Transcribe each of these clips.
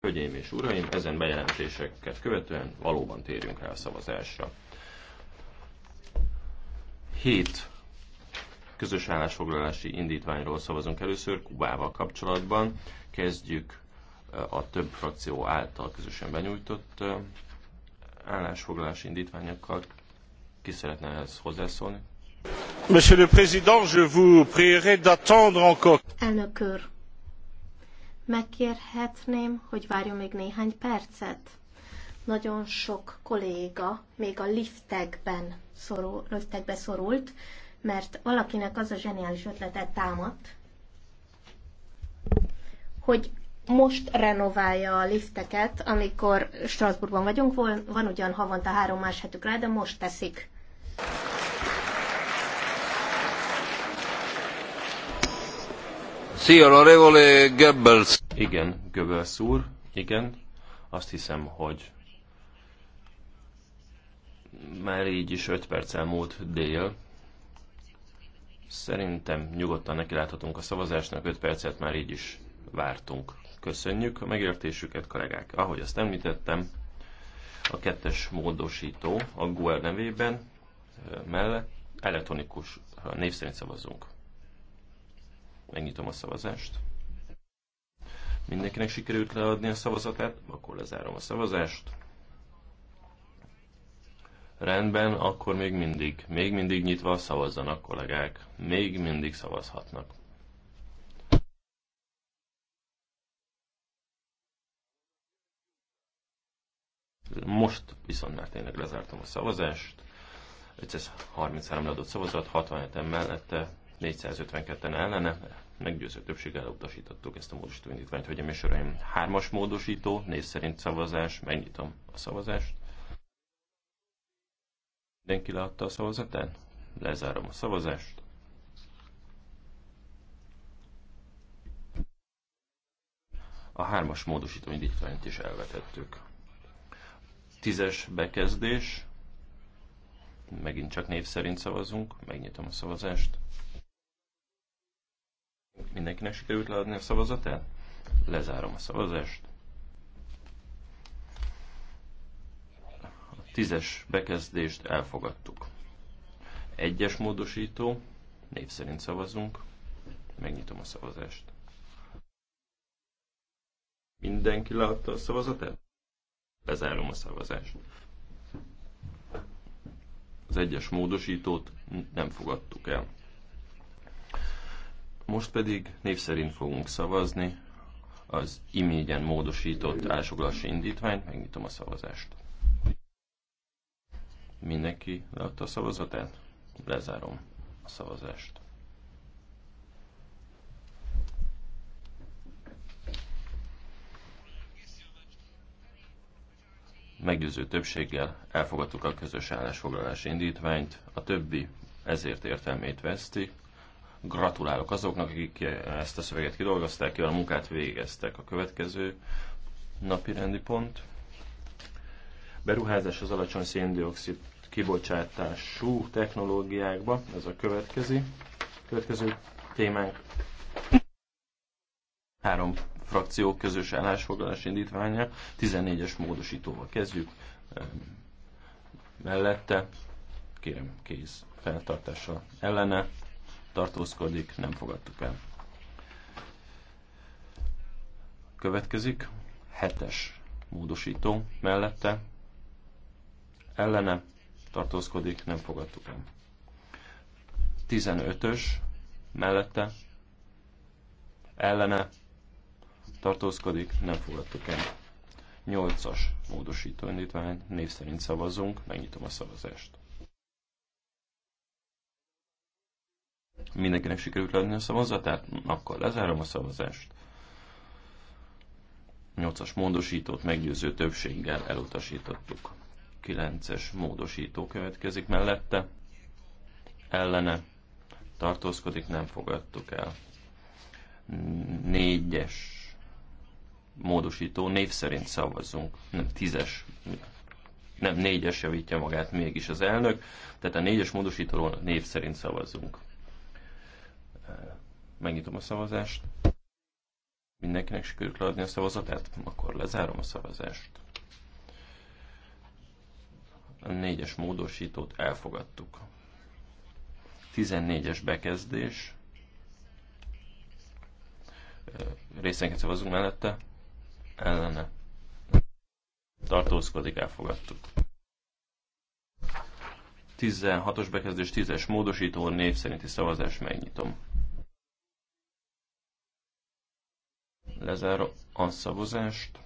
Hölgyeim és uraim, ezen bejelentéseket követően valóban térjünk rá a szavazásra. Hét közös állásfoglalási indítványról szavazunk először Kubával kapcsolatban. Kezdjük eh, a több frakció által közösen benyújtott eh, állásfoglalási indítványokkal. Ki szeretne ehhez hozzászólni? Monsieur le Président, je vous prierai d'attendre encore. Elnök úr, Megkérhetném, hogy várjon még néhány percet. Nagyon sok kolléga még a liftekben szorul, liftekbe szorult, mert valakinek az a zseniális ötletet támadt, hogy most renoválja a lifteket, amikor Strasbourgban vagyunk, van ugyan havonta három más hetük rá, de most teszik. Szia, onorevole Goebbels. Igen, Göbels úr, igen, azt hiszem, hogy már így is 5 perc elmúlt dél. Szerintem nyugodtan nekiláthatunk a szavazásnak, 5 percet már így is vártunk. Köszönjük a megértésüket, kollégák. Ahogy azt említettem, a kettes módosító a Google nevében mellett elektronikus név szerint szavazunk. Megnyitom a szavazást. Mindenkinek sikerült leadni a szavazatát, akkor lezárom a szavazást. Rendben, akkor még mindig, még mindig nyitva szavazzanak kollégák, még mindig szavazhatnak. Most viszont már tényleg lezártam a szavazást. 533 leadott szavazat, 67 mellette, 452-en ellene, meggyőző többséggel utasítottuk ezt a módosító indítványt, hogy és uraim, hármas módosító, néz szerint szavazás, megnyitom a szavazást. Mindenki leadta a szavazatát? Lezárom a szavazást. A hármas módosító indítványt is elvetettük. Tízes bekezdés. Megint csak név szerint szavazunk. Megnyitom a szavazást. Mindenkinek sikerült leadni a szavazatát? Lezárom a szavazást. A tízes bekezdést elfogadtuk. Egyes módosító, név szerint szavazunk. Megnyitom a szavazást. Mindenki látta a szavazatát? Lezárom a szavazást. Az egyes módosítót nem fogadtuk el. Most pedig név szerint fogunk szavazni az imégyen módosított ásoglási indítványt. Megnyitom a szavazást. Mindenki leadta a szavazatát? Lezárom a szavazást. Meggyőző többséggel elfogadtuk a közös állásfoglalási indítványt, a többi ezért értelmét veszti, Gratulálok azoknak, akik ezt a szöveget kidolgozták, kivel a munkát végeztek. A következő napi rendi pont. Beruházás az alacsony széndiokszid kibocsátású technológiákba. Ez a következő. Következő témánk. Három frakció közös állásfoglalás indítványa. 14-es módosítóval kezdjük. Mellette kérem kéz feltartása ellene tartózkodik, nem fogadtuk el. Következik hetes módosító mellette, ellene tartózkodik, nem fogadtuk el. 15-ös mellette, ellene tartózkodik, nem fogadtuk el. 8-as módosító indítvány, név szerint szavazunk, megnyitom a szavazást. Mindenkinek sikerült leadni a szavazatát? Akkor lezárom a szavazást. 8-as módosítót meggyőző többséggel elutasítottuk. 9-es módosító következik mellette. Ellene tartózkodik, nem fogadtuk el. 4-es módosító, név szerint szavazzunk, nem 10-es, nem 4-es javítja magát mégis az elnök, tehát a 4-es módosítóról név szerint szavazzunk. Megnyitom a szavazást. Mindenkinek sikerült leadni a szavazatát? Akkor lezárom a szavazást. A négyes módosítót elfogadtuk. 14-es bekezdés. Részenként szavazunk mellette. Ellene. Tartózkodik, elfogadtuk. 16-os bekezdés, 10-es módosító, név szerinti szavazás, megnyitom. Lezár a szavazást.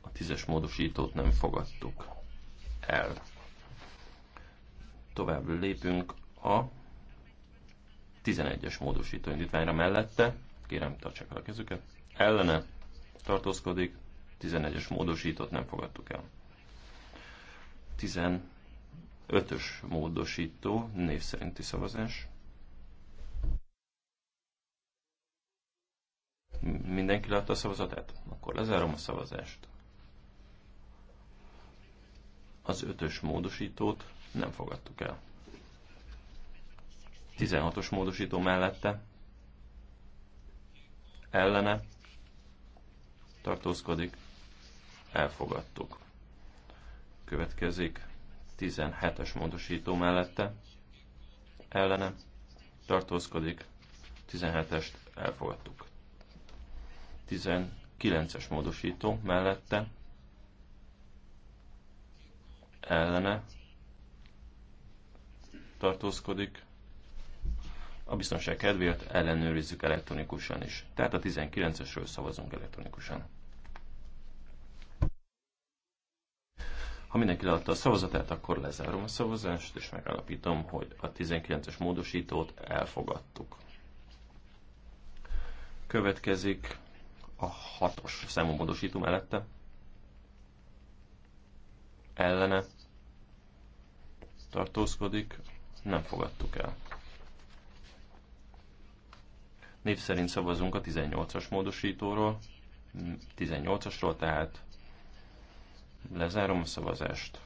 A tízes módosítót nem fogadtuk el. Tovább lépünk a 11-es módosító indítványra mellette. Kérem, tartsák el a kezüket. Ellene tartózkodik. 11-es módosítót nem fogadtuk el. 15-ös módosító, név szerinti szavazás. Mindenki látta a szavazatát? Akkor lezárom a szavazást. Az ötös módosítót nem fogadtuk el. 16-os módosító mellette ellene tartózkodik, elfogadtuk. Következik 17-es módosító mellette ellene tartózkodik, 17-est elfogadtuk. 19-es módosító mellette ellene tartózkodik. A biztonság kedvéért ellenőrizzük elektronikusan is. Tehát a 19-esről szavazunk elektronikusan. Ha mindenki leadta a szavazatát, akkor lezárom a szavazást, és megállapítom, hogy a 19-es módosítót elfogadtuk. Következik a hatos számú módosító mellette. Ellene tartózkodik, nem fogadtuk el. Név szerint szavazunk a 18-as módosítóról, 18-asról, tehát lezárom a szavazást.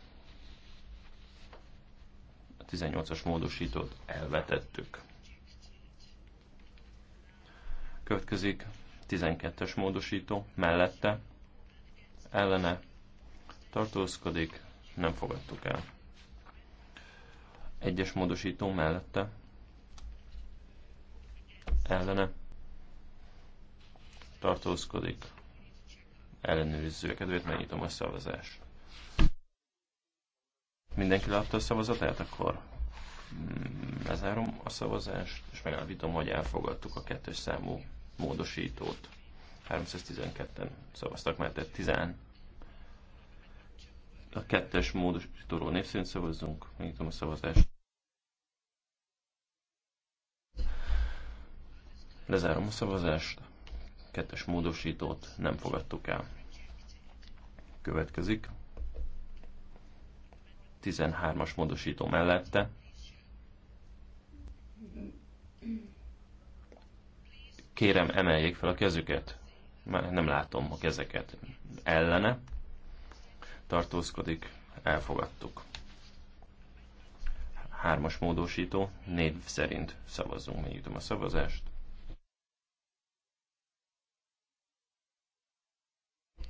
A 18-as módosítót elvetettük. Következik 12-es módosító mellette ellene tartózkodik, nem fogadtuk el. Egyes módosító mellette ellene tartózkodik, ellenőrizzük a kedvét, megnyitom a szavazást. Mindenki látta a szavazatát, akkor mm, lezárom a szavazást, és megállapítom, hogy elfogadtuk a kettős számú módosítót. 312-en szavaztak mellette, 10 a kettes módosítóról név szavazzunk. Megnyitom a szavazást. Lezárom a szavazást. Kettes módosítót nem fogadtuk el. Következik. 13-as módosító mellette. Kérem, emeljék fel a kezüket. Már nem látom a kezeket. Ellene tartózkodik, elfogadtuk. Hármas módosító, név szerint szavazzunk, megnyitom a szavazást.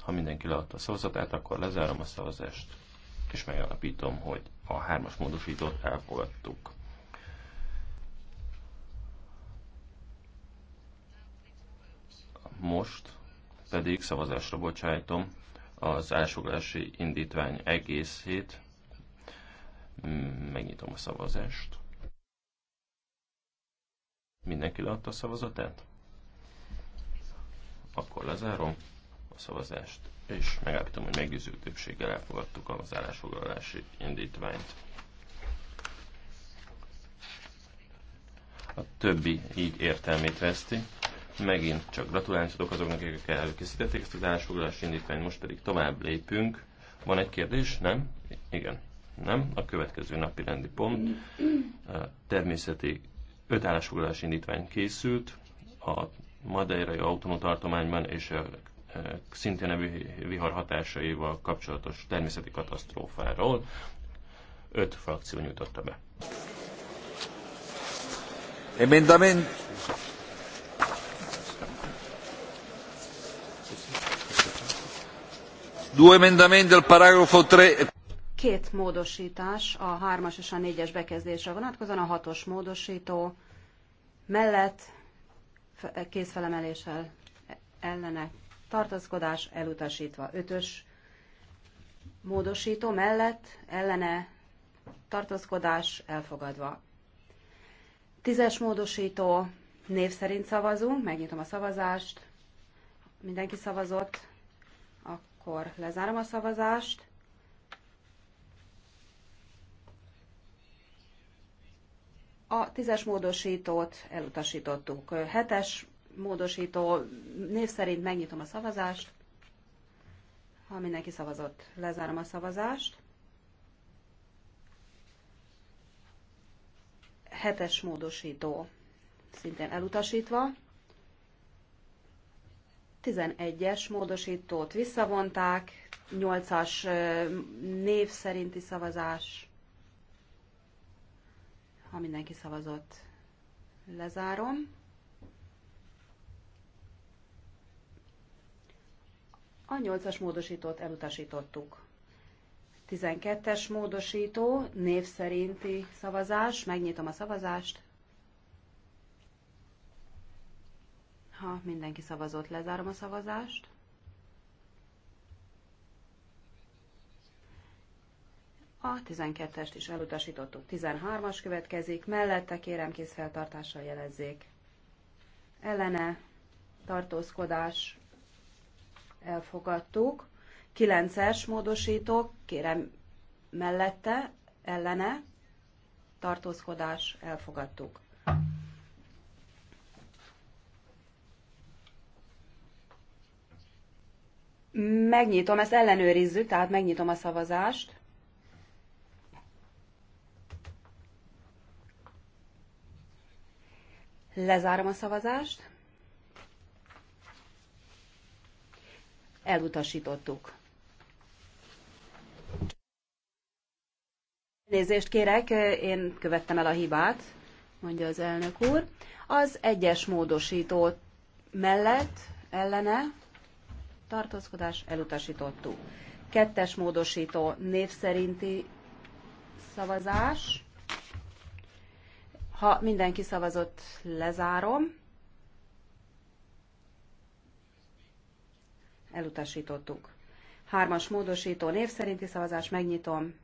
Ha mindenki leadta a szavazatát, akkor lezárom a szavazást, és megalapítom, hogy a hármas módosítót elfogadtuk. Most pedig szavazásra bocsájtom az elsoglási indítvány egészét. Megnyitom a szavazást. Mindenki leadta a szavazatát? Akkor lezárom a szavazást, és megállapítom, hogy meggyőző többséggel elfogadtuk az állásfoglalási indítványt. A többi így értelmét veszti. Megint csak gratulálni tudok azoknak, akik előkészítették ezt az állásfoglalási indítványt, most pedig tovább lépünk. Van egy kérdés? Nem? Igen. Nem? A következő napi rendi pont. Természeti öt állásfoglalási indítvány készült a Madeirai autonotartományban és a e, szintén a vihar hatásaival kapcsolatos természeti katasztrófáról. Öt frakció nyújtotta be. Emendament Két módosítás, a hármas és a négyes bekezdésre vonatkozóan, a hatos módosító mellett eh, kézfelemeléssel ellene tartózkodás elutasítva. Ötös módosító mellett ellene tartózkodás elfogadva. Tízes módosító név szerint szavazunk, megnyitom a szavazást. Mindenki szavazott, akkor lezárom a szavazást. A tízes módosítót elutasítottuk. Hetes módosító név szerint megnyitom a szavazást. Ha mindenki szavazott, lezárom a szavazást. Hetes módosító szintén elutasítva. 11-es módosítót visszavonták, 8-as név szerinti szavazás, ha mindenki szavazott, lezárom. A 8-as módosítót elutasítottuk. 12-es módosító, név szerinti szavazás, megnyitom a szavazást, Ha mindenki szavazott, lezárom a szavazást. A 12-est is elutasítottuk. 13-as következik, mellette kérem készfeltartással jelezzék. Ellene tartózkodás elfogadtuk. 9-es módosítók, kérem mellette, ellene tartózkodás elfogadtuk. Megnyitom, ezt ellenőrizzük, tehát megnyitom a szavazást. Lezárom a szavazást. Elutasítottuk. Nézést kérek, én követtem el a hibát, mondja az elnök úr. Az egyes módosító mellett, ellene, tartózkodás elutasítottuk. Kettes módosító név szerinti szavazás. Ha mindenki szavazott, lezárom. Elutasítottuk. Hármas módosító név szerinti szavazás, megnyitom.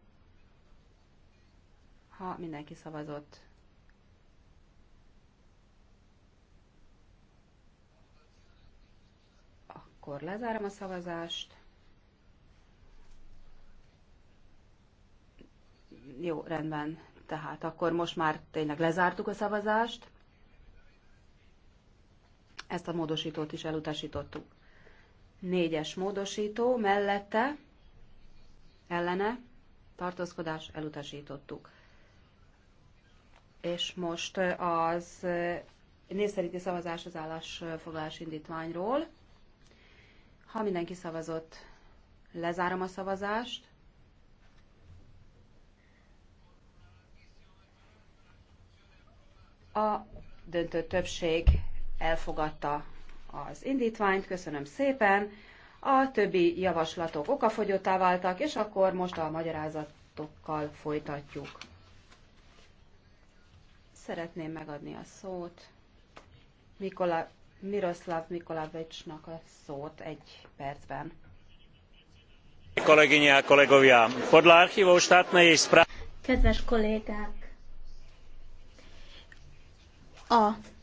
Ha mindenki szavazott, Akkor lezárom a szavazást. Jó, rendben. Tehát akkor most már tényleg lezártuk a szavazást. Ezt a módosítót is elutasítottuk. Négyes módosító mellette, ellene, tartózkodás elutasítottuk. És most az név szavazás az állásfoglalás indítványról. Ha mindenki szavazott, lezárom a szavazást. A döntő többség elfogadta az indítványt, köszönöm szépen. A többi javaslatok okafogyottá váltak, és akkor most a magyarázatokkal folytatjuk. Szeretném megadni a szót Mikola Miroslav Mikolávicsnak a szót egy percben. Kolegyne a kolegovia, podľa archívov štátnej správy... Kedves kollégák! A